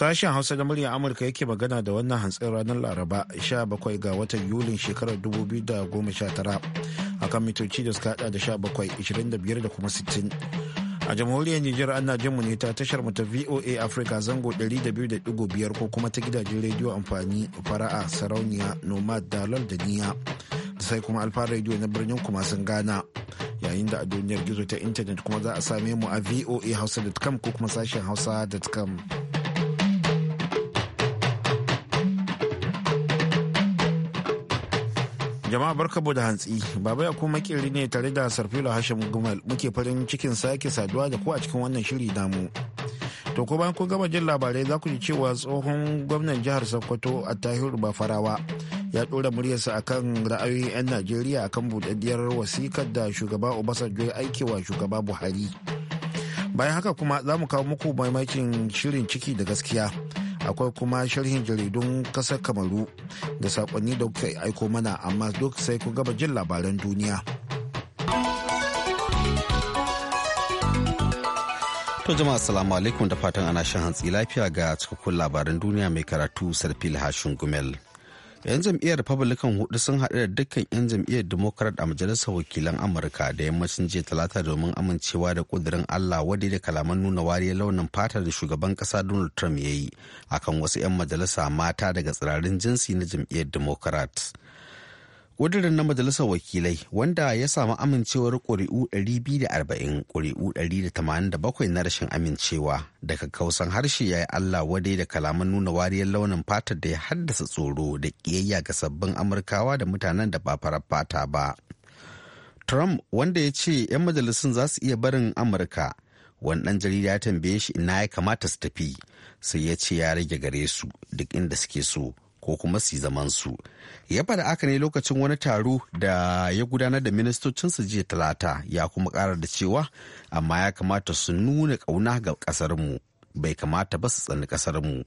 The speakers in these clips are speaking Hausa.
Sashen Hausa da muryar Amurka yake magana da wannan hantsin ranar Laraba 17 ga watan Yulin shekarar 2019 akan mitoci da suka da 17, 25 da kuma 60. A jamhuriyar Nijar ana jin mu ne ta tashar mu ta VOA Africa zango 200.5 ko kuma ta gidajen rediyo amfani fara'a sarauniya nomad dalal da niya sai kuma alfa rediyo na birnin kuma sun gana yayin da a duniyar gizo ta intanet kuma za a same mu a voa hausa.com ko kuma sashen hausa.com Jama'a barkamu da hantsi, baba ya kuma makeri ne tare da Sarfilo Hashim Gumal muke farin cikin sake saduwa da ku a cikin wannan shiri namu. To ko bayan kun gama jin labarai za ku ji cewa tsohon gwamnan jihar Sokoto a Tahiru farawa ya ɗora muryarsa akan ra'ayoyin 'yan Najeriya akan buɗaɗɗiyar wasikar da shugaba Obasanjo ya aike wa shugaba Buhari. Bayan haka kuma za mu kawo muku maimakin shirin ciki da gaskiya. akwai kuma sharhin jaridun kasar kamaru da sakonni da kuka aiko mana amma duk sai ku gaba jin labaran duniya to jama'a assalamu alaikum da fatan ana shan hantsi lafiya ga cikakkun labaran duniya mai karatu sarfil hashin gumel 'yan jam'iyyar republican hudu sun haɗu da dukkan 'yan jam'iyyar democrat a majalisar wakilan amurka da yammacin jiya talata domin amincewa da kudirin allah wadda da kalaman nuna wariyar launin fata da shugaban ƙasa donald trump ya yi akan wasu 'yan majalisa mata daga tsirarin jinsi na jam'iyyar democrat ƙudurin na majalisar wakilai wanda ya samu amincewar ƙuri'u 240 ƙuri'u 187 na rashin amincewa daga kausan harshe ya yi allah wadai da kalaman nuna wariyar launin fatar da ya haddasa tsoro da ƙiyayya ga sabbin amurkawa da mutanen da ba farar fata ba trump wanda ya ce 'yan majalisun za su iya barin amurka wani ɗan jarida ya tambaye shi ina ya kamata su tafi sai ya ce ya rage gare su duk inda suke so ko kuma su zaman su ya faɗa aka ne lokacin wani taro da ya gudanar da su jiya talata ya kuma ƙara da cewa amma ya kamata su nuna ƙauna ga ƙasar mu bai kamata ba su tsani ƙasar mu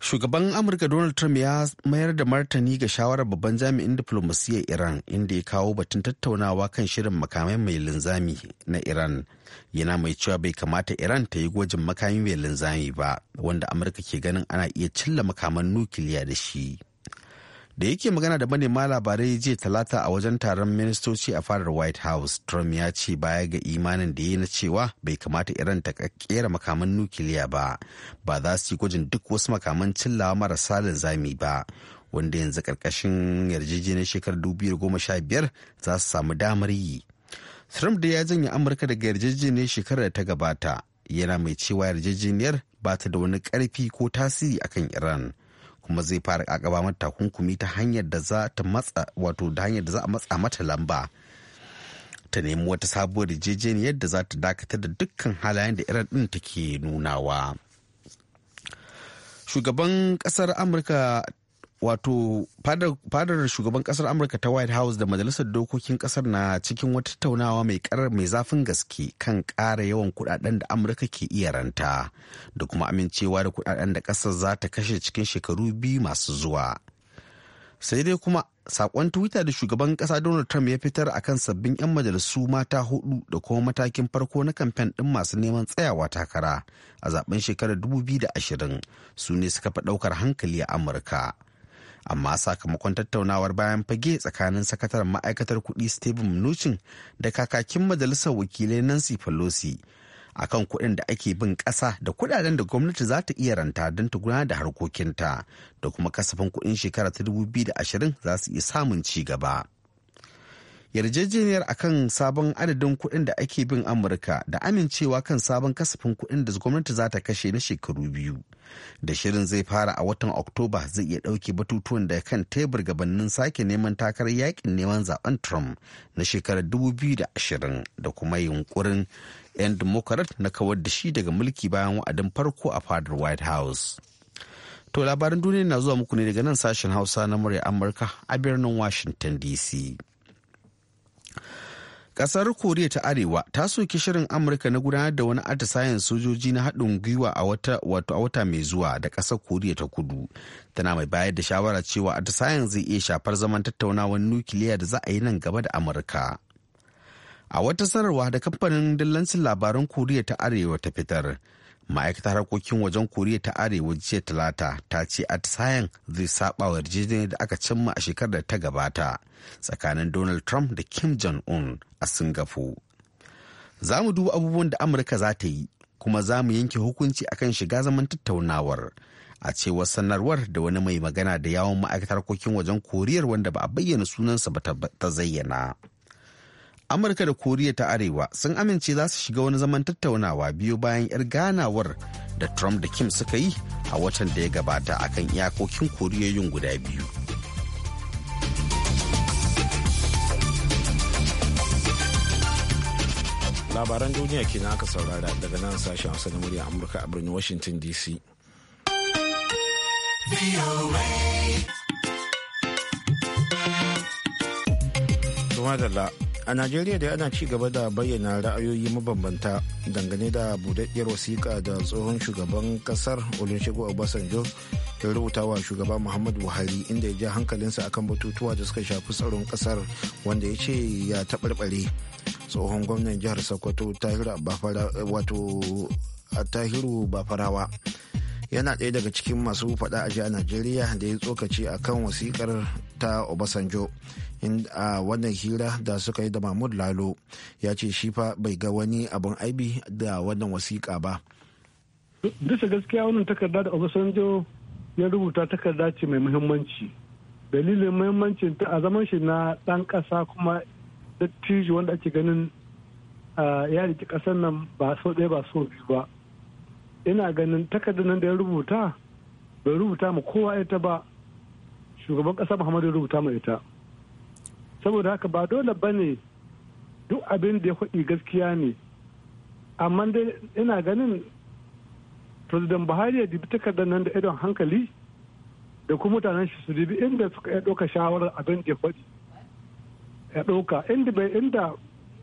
Shugaban Amurka Donald Trump ya mayar da martani ga shawarar babban jami'in diplomasiyyar Iran inda ya kawo batun tattaunawa kan shirin makamai mai linzami na Iran. Yana mai cewa bai kamata Iran ta yi gwajin makami mai linzami ba, wanda Amurka ke ganin ana iya cilla makaman nukiliya da shi. da yake magana da manema labarai jiya talata a wajen taron ministoci a fadar white house trump ya ce baya ga imanin da ya na cewa bai kamata iran ta kera makaman nukiliya ba ba za su yi gwajin duk wasu makaman cillawa marasa linzami ba wanda yanzu karkashin yarjejeniyar shekarar 2015 za su samu damar yi trump da ya janye amurka daga yarjejeniyar shekarar da ta gabata yana mai cewa yarjejeniyar ba ta da wani karfi ko tasiri akan iran kuma zai fara kakaba mata takunkumi ta hanyar da za ta matsa wato da hanyar da za a matsa mata lamba ta nemi wata sabuwar yarjejeniyar yadda za ta dakatar da dukkan halayen da irin din take nunawa shugaban kasar amurka wato fadar shugaban kasar amurka ta white house da majalisar dokokin kasar na cikin wata tattaunawa mai karar mai zafin gaske kan kara yawan kudaden da amurka ke iya ranta da kuma amincewa da kudaden da kasar za ta kashe cikin shekaru biyu masu zuwa sai dai kuma sakon twitter da shugaban kasa donald trump ya fitar akan sabbin 'yan majalisu mata hudu da kuma matakin farko na kamfen din masu neman tsayawa takara a zaben shekarar 2020 su ne suka fi daukar hankali a amurka amma sakamakon tattaunawar bayan fage tsakanin sakataren ma'aikatar kuɗi stephen mnuchin da kakakin majalisar wakilai nancy pelosi akan kuɗin da ake bin ƙasa da kuɗaɗen da gwamnati za ta iya ranta don ta gudanar da harkokinta da kuma kasafin kuɗin shekara 2020 za su iya samun ci gaba. yarjejeniyar a kan sabon adadin kuɗin da ake bin amurka da amincewa kan sabon kasafin kuɗin da gwamnati za ta kashe na shekaru biyu da shirin zai fara a watan oktoba zai iya ɗauke batutuwan da kan tebur gabanin sake neman takarar yakin neman zaben trump na shekarar dubu biyu da da kuma yunkurin 'yan democrat na kawar da shi daga mulki bayan wa'adin farko a fadar white house To labarin duniya na zuwa muku ne daga nan sashen Hausa na murya Amurka a birnin Washington DC. Kasar Koriya ta Arewa ta soki shirin Amurka na gudanar da wani atisayen sojoji na haɗin gwiwa a wata wato a wata mai zuwa da ƙasar Koriya ta Kudu. Tana mai bayar da shawara cewa atisayen zai iya shafar zaman tattaunawar nukiliya da za a yi nan gaba da Amurka. A wata sanarwa da kamfanin dillancin labaran Koriya ta Arewa ta fitar, ma'aikatar harkokin wajen koriya ta arewa jiya talata ta ce atisayen zai saba wa da aka cimma a shekarar da ta gabata tsakanin donald trump da kim jong-un a singapore za mu duba abubuwan da amurka za ta yi kuma za mu yanke hukunci akan shiga zaman tattaunawar a cewar sanarwar da wani mai magana da yawon ma'aikatar harkokin wajen koriyar wanda ba a bayyana sunansa ba ta zayyana. amurka da koriya ta arewa sun amince za su shiga wani zaman tattaunawa biyu bayan 'yar ganawar da trump da kim suka yi a watan da ya gabata a kan iyakokin koriyoyin guda biyu labaran duniya kenan aka saurara daga nan sashen hausa na murya amurka a birnin washington dc Tumadala a najeriya dai ana ci gaba da bayyana ra'ayoyi mabambanta dangane da budaddiyar wasiƙa da tsohon shugaban kasar olusegun obasanjo ya rubuta wa shugaba muhammadu buhari inda ya ja hankalinsa akan batutuwa da suka shafi tsaron kasar wanda ya ce ya taɓarɓare tsohon gwamnan jihar sokoto tahiru bafarawa yana ɗaya daga cikin masu faɗa a a najeriya da ya tsokaci a kan wasikar ta obasanjo a wannan hira da suka yi da mahmud lalo ya ce shi fa bai ga wani abin aibi da wannan wasiƙa ba bisa gaskiya wannan takarda da obasanjo ya rubuta takarda ce mai muhimmanci dalilin muhimmancin ta a zaman shi na ɗan ƙasa kuma dattijo wanda ake ganin ya riƙi ƙasar nan ba so ɗaya ba so biyu ba ina ganin takardar nan da ya rubuta bai rubuta ma kowa ita ba shugaban kasa muhammadu ya rubuta ma ita saboda haka ba dole ba ne duk abin da ya faɗi gaskiya ne amma dai ina ganin president buhari ya dibi takardar nan da idon hankali da kuma mutanen shi su dibi inda suka ya ɗauka shawarar abin da ya faɗi ya ɗauka inda bai inda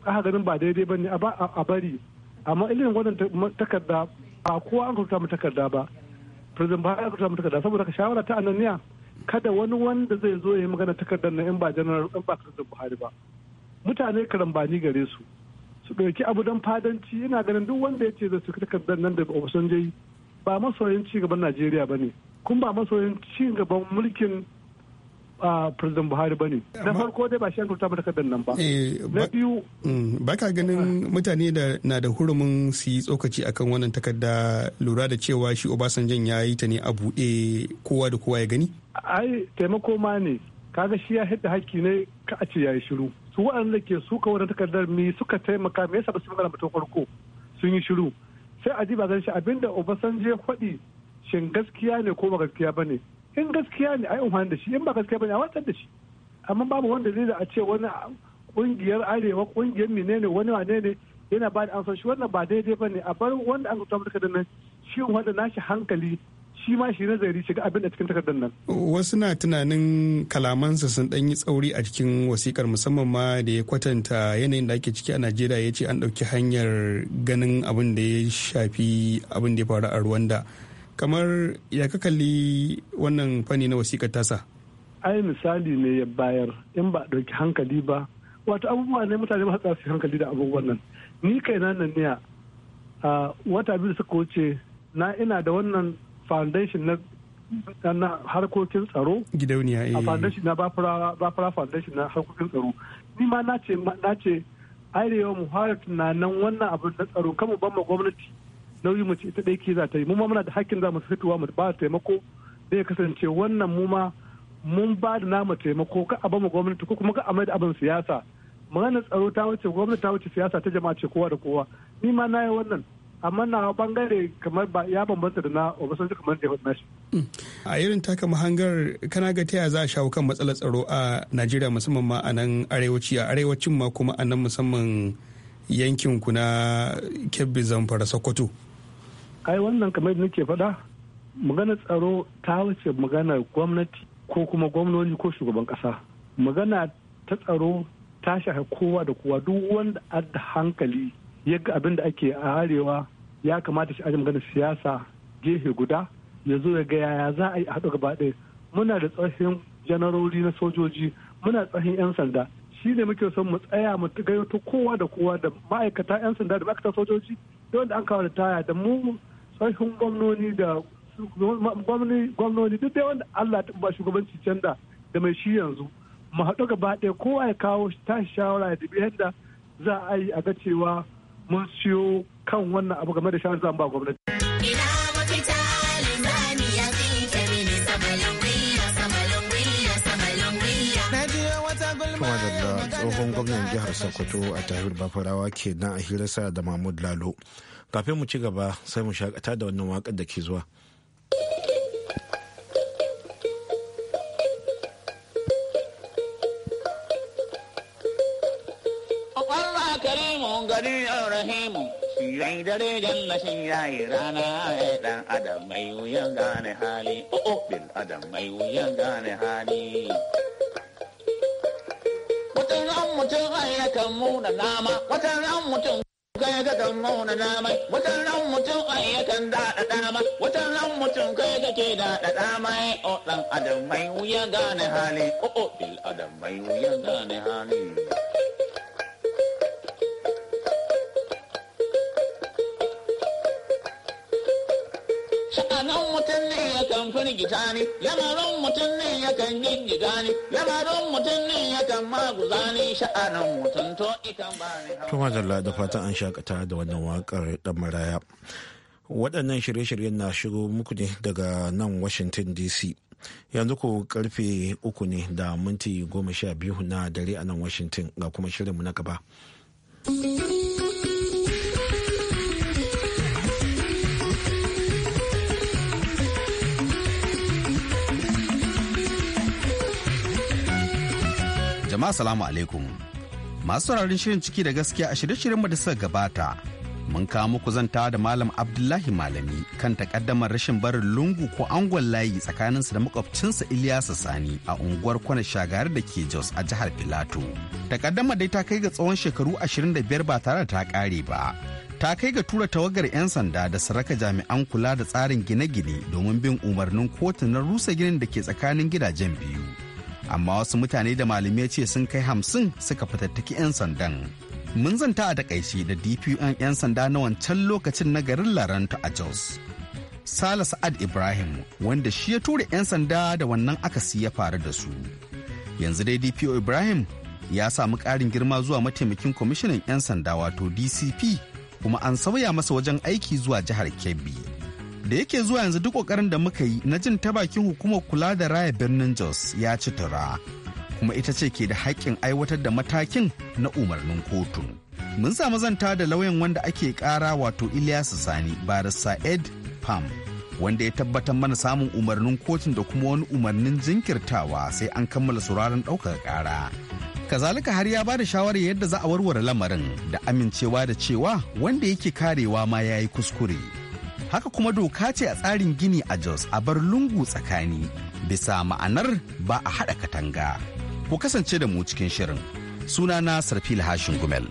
aka ganin ba daidai ba ne a bari amma ilimin wannan takarda ba kowa an rubuta mu takarda ba president buhari an rubuta mu takarda saboda ka shawara ta ananiya kada wani wanda zai zo ya yi magana takardar na in ba general in ba president buhari ba mutane karambani gare su su dauki abu don fadanci ina ganin duk wanda ya ce da su takardar nan da obasanjo ba masoyin cigaban najeriya ba ne kuma ba masoyin ci gaban mulkin president buhari ba ne na farko dai ba shi kurta ba takardar nan ba eh, na biyu mm, ba ka ganin mutane da na da hurumin su yi tsokaci akan wannan takarda lura da cewa shi obasanjan ya yi ta ne a buɗe kowa da kowa ya gani ai taimako ma ne kaga shi ya hidda haƙƙi ne ka a ce ya yi shiru su waɗanda ke suka wannan takardar mi suka taimaka me yasa ba su magana ba farko sun yi shiru sai a ji ba zan shi abinda obasanjo ya faɗi shin gaskiya ne ko ba gaskiya ba ne in gaskiya ne ai umarni da shi in ba gaskiya ba ne a watsar da shi amma babu wanda zai da a ce wani kungiyar arewa kungiyar ne wani wane ne yana ba da amsa shi wannan ba daidai ba ne a bar wanda an kuta da nan shi wanda nashi hankali shi ma shi nazari shiga abin da cikin takardar nan. Wasu na tunanin kalamansa sun ɗan yi tsauri a cikin wasikar musamman ma da ya kwatanta yanayin da ake ciki a Najeriya ya ce an ɗauki hanyar ganin abin da ya shafi abin da ya faru a Rwanda. kamar ya ka kalli wannan fani na wasikar tasa ai misali ne ya bayar in ba ɗauki hankali ba wato abubuwa ne mutane ba su hankali da abubuwan nan ni kai na nan niya a wata biyu suka wuce na ina da wannan foundation na na harkokin tsaro gidauniya a eh. foundation na bafara foundation na harkokin tsaro ni ma na ce na ce yawan mu fara tunanin wannan abin na tsaro kama ban ma gwamnati nauyin ce ita ɗaya ke za ta yi mu ma muna da hakkin za mu fitowa mu ba taimako zai kasance wannan mu ma mun ba da namu taimako ka a bamu gwamnati ko kuma ka a mai da abin siyasa maganar tsaro ta wuce gwamnati ta wuce siyasa ta jama'a ce kowa da kowa ni ma na yi wannan amma na bangare kamar ba ya bambanta da na obasanjo kamar da ya a irin taka mahangar kana ga za a shawo kan matsalar tsaro a najeriya musamman ma a nan arewaci a arewacin ma kuma a nan musamman yankin ku na kebbi zamfara sokoto. ai wannan kamar da nake faɗa magana tsaro ta wuce maganar gwamnati ko kuma gwamnoni ko shugaban ƙasa magana ta tsaro ta shafi kowa da kowa duk wanda adda hankali ya ga abin da ake a arewa ya kamata shi aji maganar siyasa gefe guda ya zo ya ga yaya za a yi haɗu gaba ɗaya muna da tsohon janarori na sojoji muna tsohon 'yan sanda shi ne muke son mu tsaya mu gayyato kowa da kowa da ma'aikata 'yan sanda da ma'aikatan sojoji da wanda an kawo da taya da mu sashen gwamnoni da gwamnoni duk dai wanda Allah ta ba shugabanci canza da mai shi yanzu mu haɗu gaba ɗaya kowa ya kawo tashi shawara da biyan yadda za a yi a ga cewa mun siyo kan wannan abu game da shan zan ba gwamnati. gwamnan jihar sokoto a tahir bafarawa ke na a hirarsa da mahmud lalo kafin mu ci gaba sai mu shakata da wannan wakar da ke zuwa gari ya rahimu shirai dare rana ya dan adam mai wuyan gane hali o'o oh, oh, bil adam mai wuyan gane hali watan ran mutum ai kan muna nama watan ran mutum kai ga kan mauna nama watan ran mutum ai yakan daɗa dama watan ran mutum kai ga ke daɗa dama o dan adam mai wuya gane hali o o bil adam mai wuya gane hali yakan firgita ne lamarin mutum ne yakan gingiga ne lamarin mutum ne yakan maguza ne sha'anin mutum to ikan ba ne tuma da fatan an shakata da wannan wakar dan maraya waɗannan shirye-shiryen na shigo muku ne daga nan washington dc yanzu ku karfe uku ne da minti goma sha biyu na dare a nan washington ga kuma shirinmu na gaba. jama'a salamu alaikum masu sauraron shirin ciki da gaskiya a shirye-shiryen mu da suka gabata mun kawo muku zanta da malam abdullahi malami kan takaddamar rashin barin lungu ko angon layi tsakanin tsakaninsa da makwabcinsa iliyasa sani a unguwar kwana shagari da ke jos a jihar filato takaddamar dai ta kai ga tsawon shekaru ashirin da biyar ba tare da ta kare ba ta kai ga tura tawagar 'yan sanda da saraka jami'an kula da tsarin gine-gine domin bin umarnin kotunan rusa ginin da ke tsakanin gidajen biyu amma wasu mutane da malamai ce sun kai hamsin suka fitattaki 'yan sandan mun zanta a takaici da dpn 'yan sanda na wancan lokacin na garin laranta a jos sala sa'ad ibrahim wanda shi ya tura 'yan sanda da wannan akasi ya faru da su yanzu dai dpo ibrahim ya samu ƙarin girma zuwa mataimakin kwamishinan 'yan sanda wato dcp kuma an sauya masa wajen aiki zuwa jihar kebbi da yake zuwa yanzu duk kokarin da muka yi na jin ta bakin hukumar kula da raya birnin jos ya ci tura kuma ita ce ke da haƙƙin aiwatar da matakin na umarnin kotu mun samu zanta da lauyan wanda ake ƙara wato ilyasu sani barista ed pam wanda ya tabbatar mana samun umarnin kotun da kuma wani umarnin jinkirtawa sai an kammala sauraron ɗaukar ƙara kazalika har ya bada shawarar yadda za a warware lamarin da amincewa da cewa wanda yake karewa ma ya yi kuskure haka kuma doka ce a tsarin gini a jos a bar lungu tsakani bisa ma'anar ba a haɗa katanga ku kasance da mu cikin shirin sunana sarfil hashin gumel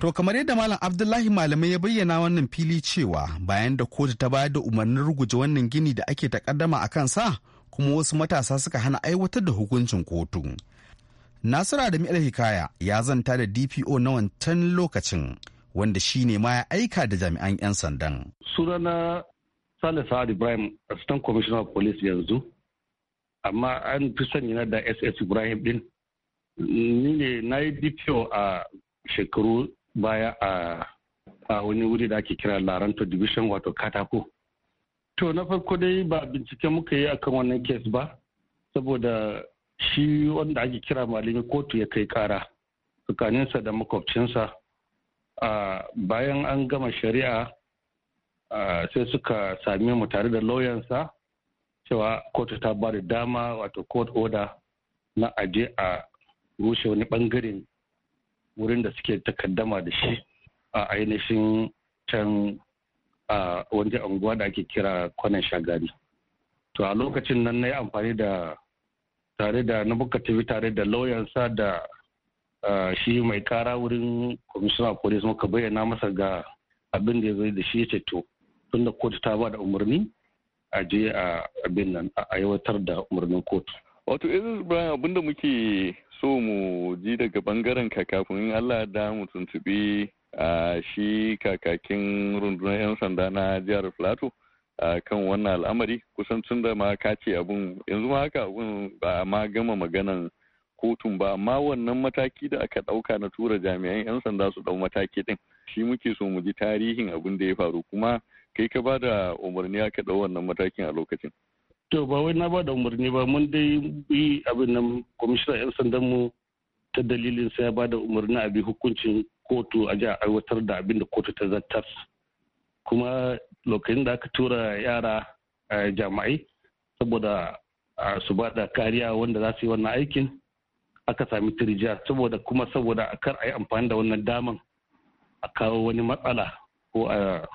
To kamar yadda Malam Abdullahi malamai ya bayyana wannan fili cewa bayan da kotu ta bayar da umarnin ruguje wannan gini da ake takaddama a kansa kuma wasu matasa suka hana aiwatar da hukuncin kotu. Nasiru Adamu Hikaya ya zanta da DPO na wancan lokacin wanda shi ne ma ya aika da jami'an 'yan sandan. Sunana Sale Sa'ad Ibrahim, Assistant Commissioner of Police yanzu, amma an fi sani na da SS Ibrahim din. Ni ne na yi DPO a shekaru baya a wani wuri da ake kira Laranto Division wato Katako. To na farko dai ba bincike muka yi akan wannan kes ba, saboda shi wanda ake kira malami kotu ya kai kara tsakaninsa da makwabcinsa. Bayan an gama shari'a sai suka sami mu tare da lauyansa cewa kotu ta ba da dama wato court order na aje a rushe wani bangaren wurin da suke takaddama da shi a ainihin can a wani unguwa da ake kira kwanan shagari to a lokacin nan na yi amfani da tare da na buka tafi tare da lauyansa da shi mai kara wurin kwamishinan police muka bayyana masa ga abin da ya zai da shi ya ce to tunda kotu ta ba da umarni a je a abin nan a aiwatar da umarnin kotu wato eh, isis brian abinda muke so mu ji daga bangaren ka kafin allah da mu tuntubi shi kakakin rundunar 'yan sanda na jihar Filato kan wannan al'amari kusan tun da ma ka ce abun yanzu ma haka abun ba ma gama maganan kotun ba amma wannan mataki da aka ɗauka na tura jami'an 'yan sanda su ɗau mataki ɗin shi muke so mu ji tarihin abun da ya faru kuma kai ka ba da umarni aka ɗau wannan matakin a lokacin. To ba wai na ba da umarni ba mun dai yi abin nan kwamishinan 'yan sandan mu ta dalilin sai ya ba da umarni a bi hukuncin kotu a a aiwatar da abin da kotu ta zartar kuma lokacin da aka tura yara eh, jama'ai saboda eh, su ba da kariya wanda za su yi wannan aikin aka sami turjiya saboda kuma saboda a kar a yi amfani da wannan daman a kawo wani matsala ko a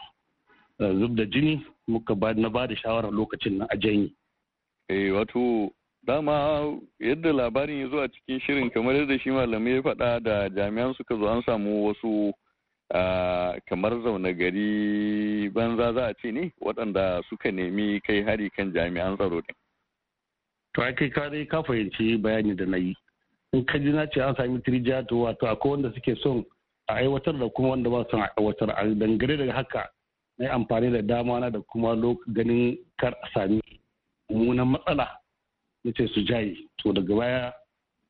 zub da jini muka na ba da shawarar lokacin na a janyi. Eh, wato dama yadda labarin ya zo a cikin shirin kamar yadda shi malamai ya faɗa da jami'an suka zo an samu wasu kamar zaune gari banza za a ce ne waɗanda suka nemi kai hari kan jami'an tsaro ɗin. to ai kai kare ka fahimci bayani da na yi in ka ji na ce an sami tirija to wato akwai wanda suke son a aiwatar da kuma wanda ba son a aiwatar a dangane daga haka na amfani da dama na da kuma ganin kar a sami mummunan matsala na ce su jaye to daga baya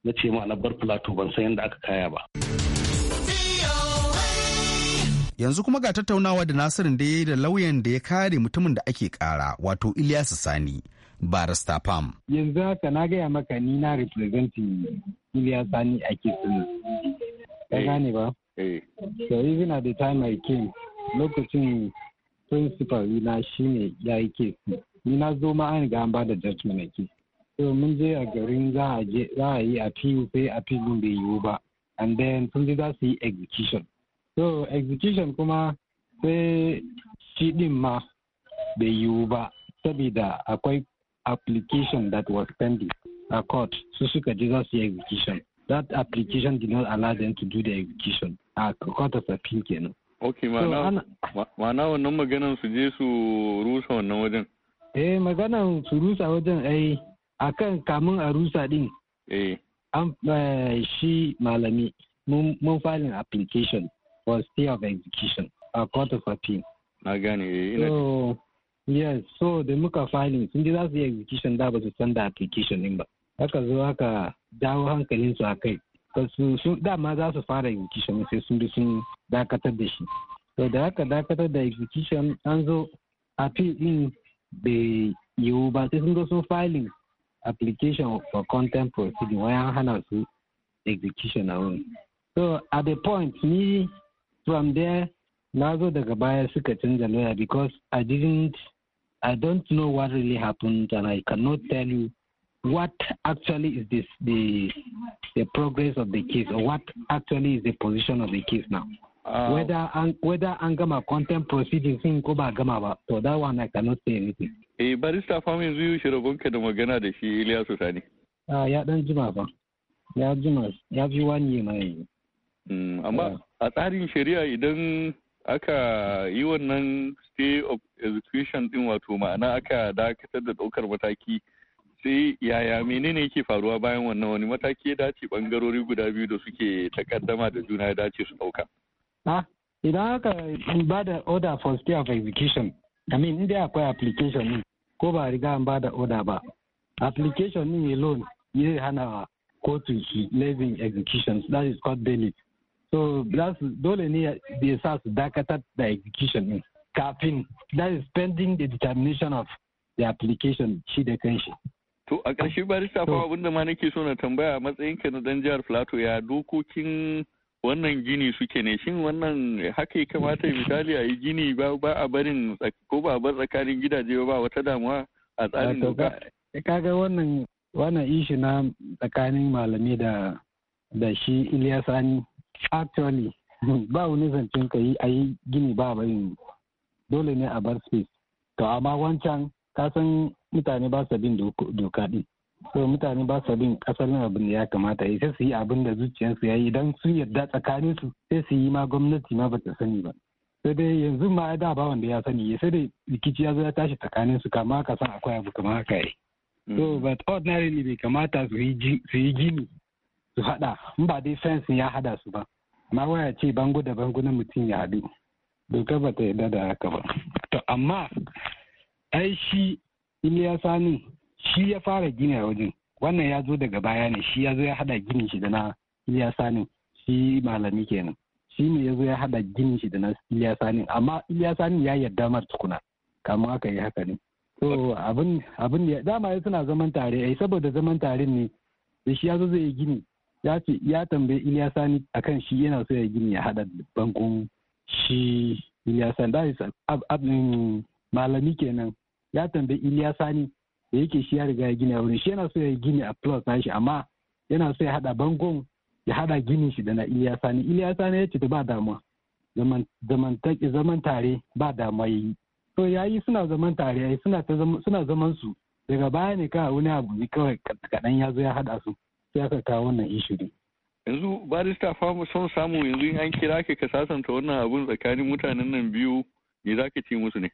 na ce ma na bar plato ban san yadda aka kaya ba yanzu kuma ga tattaunawa da nasirin da ya yi da lauyan da ya kare mutumin da ake kara wato ilyasu sani barista pam yanzu haka na gaya maka ni na representing Ilyas sani a kisan ka eh. gane ba eh. so even at the time i came lokacin principal na shine ya yi kesi ni na zo ma an ga an ba da judgment a so mun je a garin za a yi a fiyu sai a fiyu bai yiwu ba and then sun je za su yi execution so execution kuma sai shi din ma bai yiwu ba saboda akwai application that was pending a court su suka je za su yi execution that application did not allow them to do the execution a court of appeal kenan ok ma'ana wannan maganan su je su rusa wannan wajen eh maganan su rusa wajen ai akan kamun a rusa din eh. an eh, shi malami mun filin application for stay of execution a court of appeal na gane eh, ina so yes so da muka filin sun ji za su yi execution da ba su san da application din ba haka zo haka dawo hankalin su a kai dama za su fara execution sai sun bi sun dakatar da shi to da haka dakatar da execution an zo appeal din bai yiwu ba sai sun zo sun filin application for content proceeding I handle su execution alone. so at the point me from there na zo daga baya suka lawyer because i didn't i don't know what really happened and i cannot tell you what actually is this the the progress of the case or what actually is the position of the case now Ah, whether an gama content proceedings sun ko ba gama ba to that one I cannot say anything eh barista fa yanzu yi shi rabonka da magana da shi Ilyasu Sani ah ya dan jima ba ya jima ya fi wani mai yi. amma ah. a tsarin shari'a idan aka yi wannan stay of execution din wato ma'ana aka dakatar da ɗaukar mataki sai yaya menene yake faruwa bayan wannan wani mataki ya dace bangarori guda biyu da suke takaddama da juna ya dace su ɗauka. idan aka ba da order for stay of execution i mean inda akwai application ne ko ba riga an ba da order ba application ne alone zai hana kotu leaving execution that is called bail so that's dole ne da sa su dakatar da execution ne kafin that is pending the determination of the application shi da kanshi To a ƙarshe barista fa abin da ma nake so na tambaya matsayinka na dan jihar Plateau ya dokokin wannan gini suke ne shin wannan haka ya kamata misali a yi gini ba a barin ko ba a bar tsakanin gidaje ba wata damuwa a tsarin doka kaga wannan wannan ishi na tsakanin malami da da shi Iliya Sani actually ba wani zancen ka yi a yi gini ba barin dole ne a bar space to amma wancan ka san mutane ba su bin doka din so mutane ba su bin asalin abin da ya kamata sai su yi abin da zuciyarsu ya yi idan sun yarda tsakanin su sai su yi ma gwamnati ma ba ta sani ba sai dai yanzu ma da ba wanda ya sani sai dai rikici ya zo ya tashi tsakanin su kama ka san akwai abu kama haka yi so mm. but ordinarily bai kamata su yi gini su hada in ba dai fence ya hada su ba amma waya ce bango da bango na mutum ya haɗu doka ba ta yarda da haka ba to amma ai shi ya sani shi ya fara gini a wajen wannan ya zo daga baya ne shi ya zo ya hada ginin shi da na iliyasa sani shi malami kenan shi ne ya zo ya hada ginin shi da na iliyasa sani amma iliyasa sani ya yarda mar tukuna kamar aka yi haka ne so abin abin da dama ya suna zaman tare ai eh, saboda zaman tare ne da shi ya zo zai yi gini ya ce ya tambayi iliyasa sani akan shi yana so ya gini ya hada bangon shi sani da mm, malami kenan ya tambayi iliyasa sani da yake shi ya riga ya gina wurin shi yana so ya gini a na shi amma yana so ya hada bangon ya hada ginin shi da na Iliya Sani Iliya Sani ya ce ba damuwa zaman tare ba damuwa yayi to yayi suna zaman tare yayi suna suna zaman su daga baya ne kawai wani abu ne kawai kaɗan ya zo ya hada su sai aka kawo wannan ishu yanzu barista famu son samu yanzu in an kira ka ka sasanta wannan abun tsakanin mutanen nan biyu me za ka ce musu ne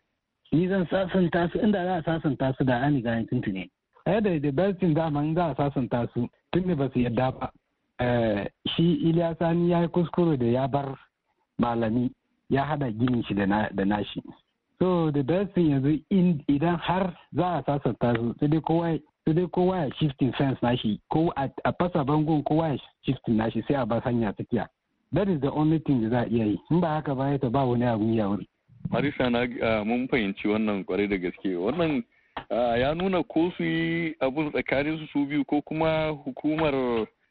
ni zan sasanta su inda za a sasanta su da ani ga yankin A ɗaya da da barcin za a sasanta su tun da ba su yadda ba eh, shi iliya sani ya yi kuskure da ya bar malami ya hada ginin shi da nashi so da barcin yanzu idan har za a sasanta su sai dai kowa sai dai kowa ya shifting fence nashi ko a fasa bangon kowa ya shifting nashi sai a bar hanya tsakiya that is the only thing da za a iya yi in ba haka ba ya ta ba wani abu ya wuri Marisa na ah, mun fahimci wannan kwarai da gaske wannan ah, ya nuna ko su yi abun tsakanin su biyu ko kuma hukumar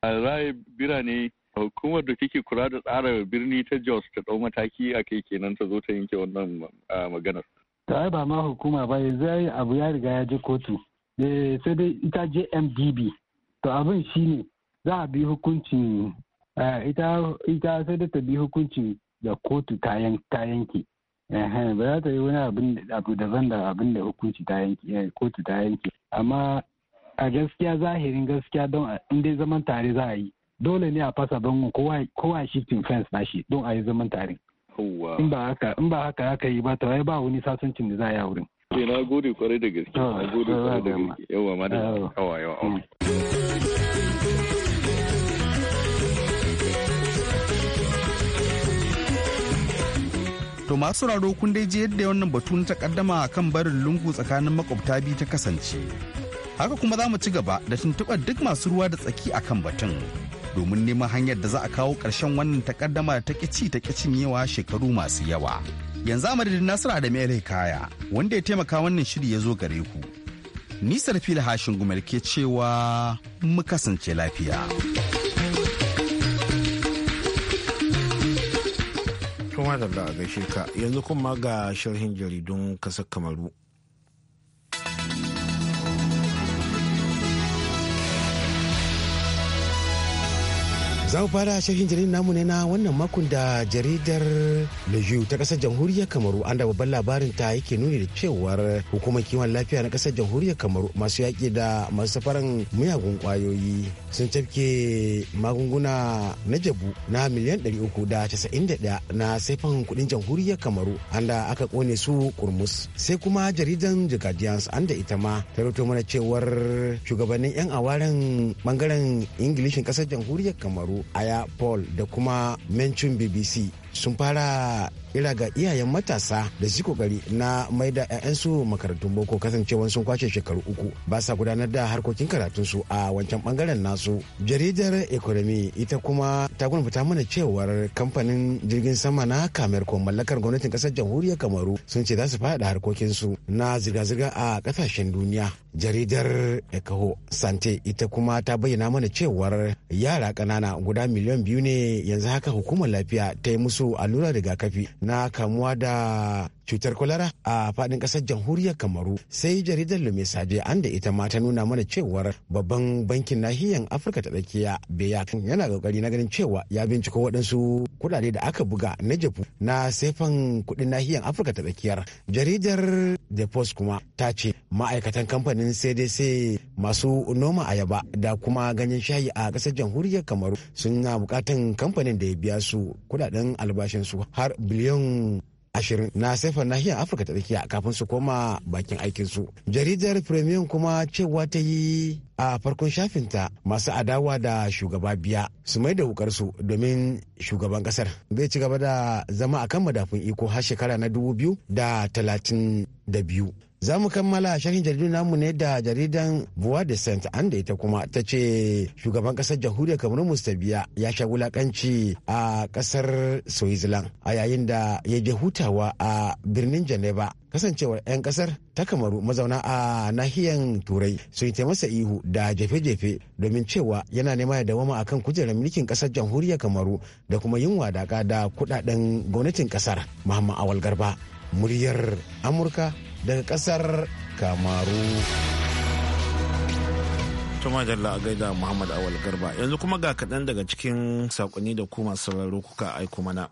ah, raye birane hukumar da take kula da tsara birni ta Jos ta ɗau mataki a kai kenan ta zo ta yanke wannan maganar. Ta yi ba ma hukuma ba yanzu yi abu ya riga ya je kotu. Eh, sai dai ita JMDB. To abin ne za a bi hukuncin ita sai dai ta bi hukunci da kotu ta yanke. Eh, eh, ba za ta yi wani abu daban da abin da hukunci ta yanki eh, kotu ta yanki amma a gaskiya zahirin gaskiya don in dai zaman tare za a yi dole ne a fasa don kowa shifting fence na shi don a yi zaman tare in ba haka in ba haka aka yi ba ta ba wani sasancin da za a yi a wurin. na gode kwarai da gaske na gode ah, kwarai da gaske yawa ma da yawa ah, yawa To masu sauraro kun dai je yadda wannan batu na takaddama kan barin lungu tsakanin makwabta biyu ta kasance. Haka kuma za mu ci gaba da tuntuɓar duk masu ruwa da tsaki a kan batun. Domin neman hanyar da za a kawo ƙarshen wannan takaddama da ta ci ta yawa shekaru masu yawa. Yanzu a madadin Nasiru Adamu Ele Kaya wanda ya taimaka wannan shiri ya zo gare ku. Nisar fili hashin gumel ke cewa mu kasance lafiya. madalla a gaishe ka yanzu kuma ga sharhin jaridun kasar kamaru za mu fara shirin jaridar namu ne na wannan makon da jaridar lejiu ta kasar jamhuriyar kamaru an da babban labarin ta yake nuni da cewar hukumar kiwon lafiya na kasar jamhuriyar kamaru masu yaƙi da masu safaran miyagun kwayoyi sun tafke magunguna na jabu na miliyan 391 na saifan kudin jamhuriyar kamaru an da aka kone su kurmus sai kuma jaridan the guardians an da ita ma ta rubuto mana cewar shugabannin yan awaren bangaren ingilishin kasar jamhuriyar kamaru aya paul da kuma mencin bbc sun fara ira ga iyayen matasa da su kokari na mai da 'ya'yansu makarantun boko kasancewa sun kwashe shekaru uku ba sa gudanar da harkokin karatunsu a wancan bangaren nasu jaridar economy ita kuma ta gwanfata mana cewar kamfanin jirgin sama na kamerko mallakar gwamnatin kasar jamhuriyar kamaru sun ce za su faɗa harkokinsu na zirga-zirga a kasashen duniya jaridar ekaho sante ita kuma ta bayyana mana cewar yara kanana guda miliyan biyu ne yanzu haka hukumar lafiya ta yi musu allura allurar rigakafi na kamuwa da cutar kwalara a faɗin kasar jamhuriyar kamaru sai jaridar lume saje an da ita ma ta nuna mana cewar babban bankin nahiyar afirka ta tsakiya beyakan yana kokari na ganin cewa ya binciko waɗansu kuɗaɗe da aka buga na jafu na sefan kuɗin nahiyar afirka ta tsakiyar jaridar the post kuma ta ce ma'aikatan kamfanin cdc masu noma ayaba da kuma ganyen shayi a kasar jamhuriyar kamaru sun suna bukatan kamfanin da ya biya su kuɗaɗen al albashinsu har biliyan ashirin na sefa nahiyar afirka ta tsakiya kafin su koma bakin aikin su jaridar premium kuma cewa ta yi a farkon shafinta masu adawa da shugaba biya su mai da wukarsu domin shugaban kasar zai ci gaba da zama a kan madafin iko har shekara na dubu biyu da talatin da biyu Za mu kammala sharhin jaridu namu ne da jaridan buwa de Saint da ita kuma ta ce shugaban kasar jamhuriyar Kamaru Mustabiya ya sha wulakanci a kasar Switzerland a yayin da ya je hutawa a birnin Geneva kasancewar 'yan kasar ta kamaru mazauna a nahiyan turai sun yi masa ihu da jefe-jefe domin cewa yana nema ya dawama akan kujerar mulkin kasar jamhuriyar kamaru da kuma yin wadaka da kudaden gwamnatin kasar muhammad awal garba muryar amurka daga kasar kamaru tuma da gaida muhammad awal garba yanzu kuma ga kaɗan daga cikin sakonni da kuma sauraro kuka aiko mana.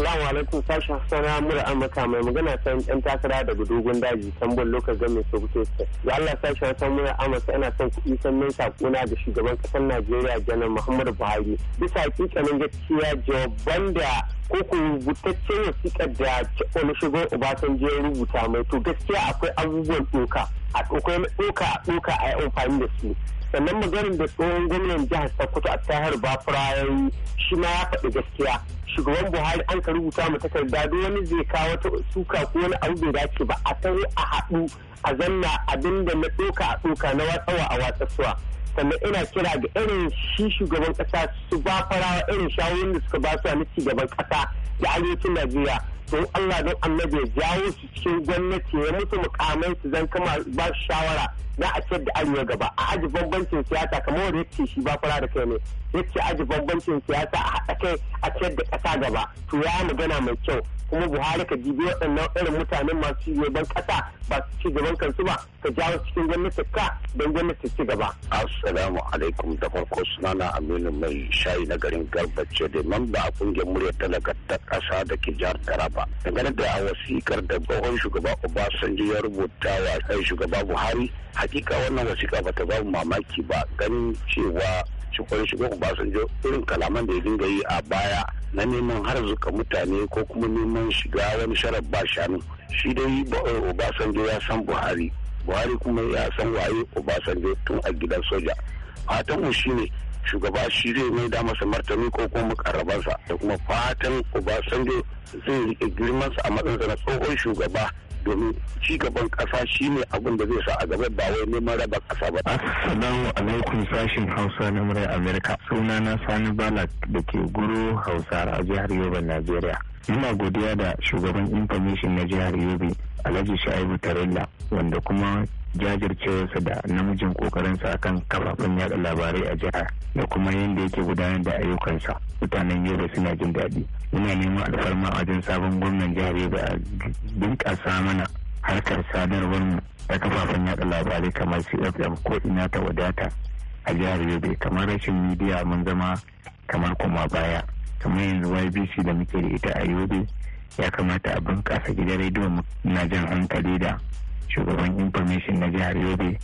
Assalamu alaikum sashen sana mura Amurka mai magana san ɗan takara daga dogon daji tambon lokacin gamin Sokoto State. Ya Allah sashen sana mura Amurka ana son kuɗi san mai sakuna ga shugaban ƙasar Najeriya janar Muhammadu Buhari. Bisa kikanin gaskiya jawaban da koko rubutaccen wasiƙar da Olusegun Obasanjo ya rubuta mai to gaskiya akwai abubuwan doka. a ɗauka a ɗauka a yi amfani da su sannan maganin da tsohon gwamnan jihar sokoto a tahar bafura ya yi shi ma ya faɗi gaskiya shugaban buhari an ka rubuta mu takarda duk wani zai kawo wata suka ko wani abu bai dace ba a tare a haɗu a zanna abin da na ɗoka a ɗoka na watsawa a watsatsuwa sannan ina kira ga irin shi shugaban ƙasa su ba irin shawarar da suka ba su a na gaban ƙasa da arewacin najeriya don Allah don annabi ya jawo su cikin gwamnati ya musu mukamai su zan kama ba shawara na a ciyar da arewa gaba a aji bambancin siyasa kamar wanda yake shi ba fara da kai ne yake aji bambancin siyasa a haɗa kai a ce da ƙasa gaba to ya magana mai kyau kuma buhari ka jibi waɗannan irin mutanen masu ci ban ƙasa ba su ci gaban kansu ba ka jawo cikin gwamnati ka don gwamnati ci gaba. assalamu alaikum da farko suna na aminu mai shayi na garin garbace da mamba a kungiyar murya talaka ta ƙasa da ke jihar taraba dangane da a wasikar da tsohon shugaba obasanjo ya rubuta wa eh, shugaba buhari hakika wannan wasiƙa ba ta ba mamaki ba ganin cewa cikon shigo obasanjo irin kalaman da ya dinga yi a baya na neman harzuka mutane ko kuma neman shiga wani sharar ba shanu shi dai obasanjo ya san buhari buhari kuma ya san waye obasanjo tun a gidan soja fatan mu shine shugaba shi zai mai da masa martani ko kuma mukarrabansa da kuma fatan obasanjo zai rike girmansa a matsayinsa na tsohon shugaba domin ci gaban ƙasa ne abin da zai sa a gaba ba wai neman raba ƙasa ba. Assalamu alaikum sashin Hausa na murai Amerika. Sunana Sani Balak da ke guru Hausa a jihar Yobe, Najeriya. ina godiya da shugaban information na jihar Yobe alhaji shaibu tarilla wanda kuma jajircewarsa da namijin kokarinsa akan kafafen yada labarai a jihar da kuma yadda yake gudanar da ayyukansa mutanen yobe suna jin daɗi muna neman alfarma a wajen sabon gwamnan jihar yobe a bunƙasa mana harkar sadarwar mu ta kafafen yada labarai kamar cfm ko ina ta wadata a jihar yobe kamar rashin midiya mun zama kamar kuma baya kamar yanzu ybc da muke da ita a yobe ya kamata a bunƙasa gidan rediyo na jan hankali da shugaban information na jihar yobe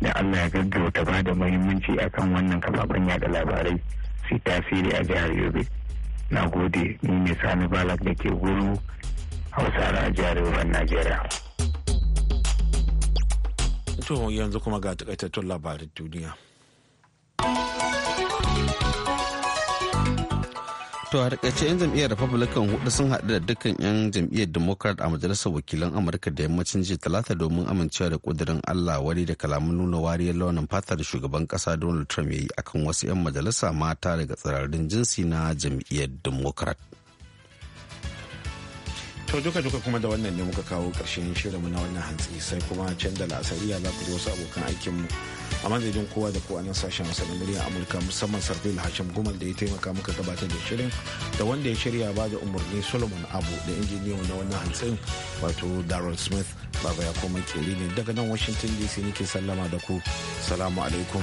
da allah ya gaggauta ba da muhimmanci akan wannan kafafen yada labarai su tasiri a jihar yobe na gode ni ne sani balak da ke guru hausa a jihar yobe najeriya to yanzu kuma ga takaitattun labarin duniya To a takaice 'yan jam'iyyar Republican hudu sun haɗu da dukkan 'yan jam'iyyar Democrat a majalisar wakilan Amurka da yammacin jiya talata domin amincewa da kudirin Allah wari da kalaman nuna wariyar launin fata da shugaban kasa Donald Trump ya yi akan wasu 'yan majalisa mata daga tsirarrin jinsi na jam'iyyar Democrat. to duka duka kuma da wannan ne muka kawo karshen mu na wannan hantsi sai kuma can da la'asariya za ku wasu abokan aikinmu a madadin kowa da kowa na sashen wasa na muryar amurka musamman sarfil hashim gumal da ya taimaka muka gabatar da shirin da wanda ya shirya ba da umarni solomon abu da injiniyan na wannan hantsin wato darren smith baba ya koma kere ne daga nan washington dc nake sallama da ku salamu alaikum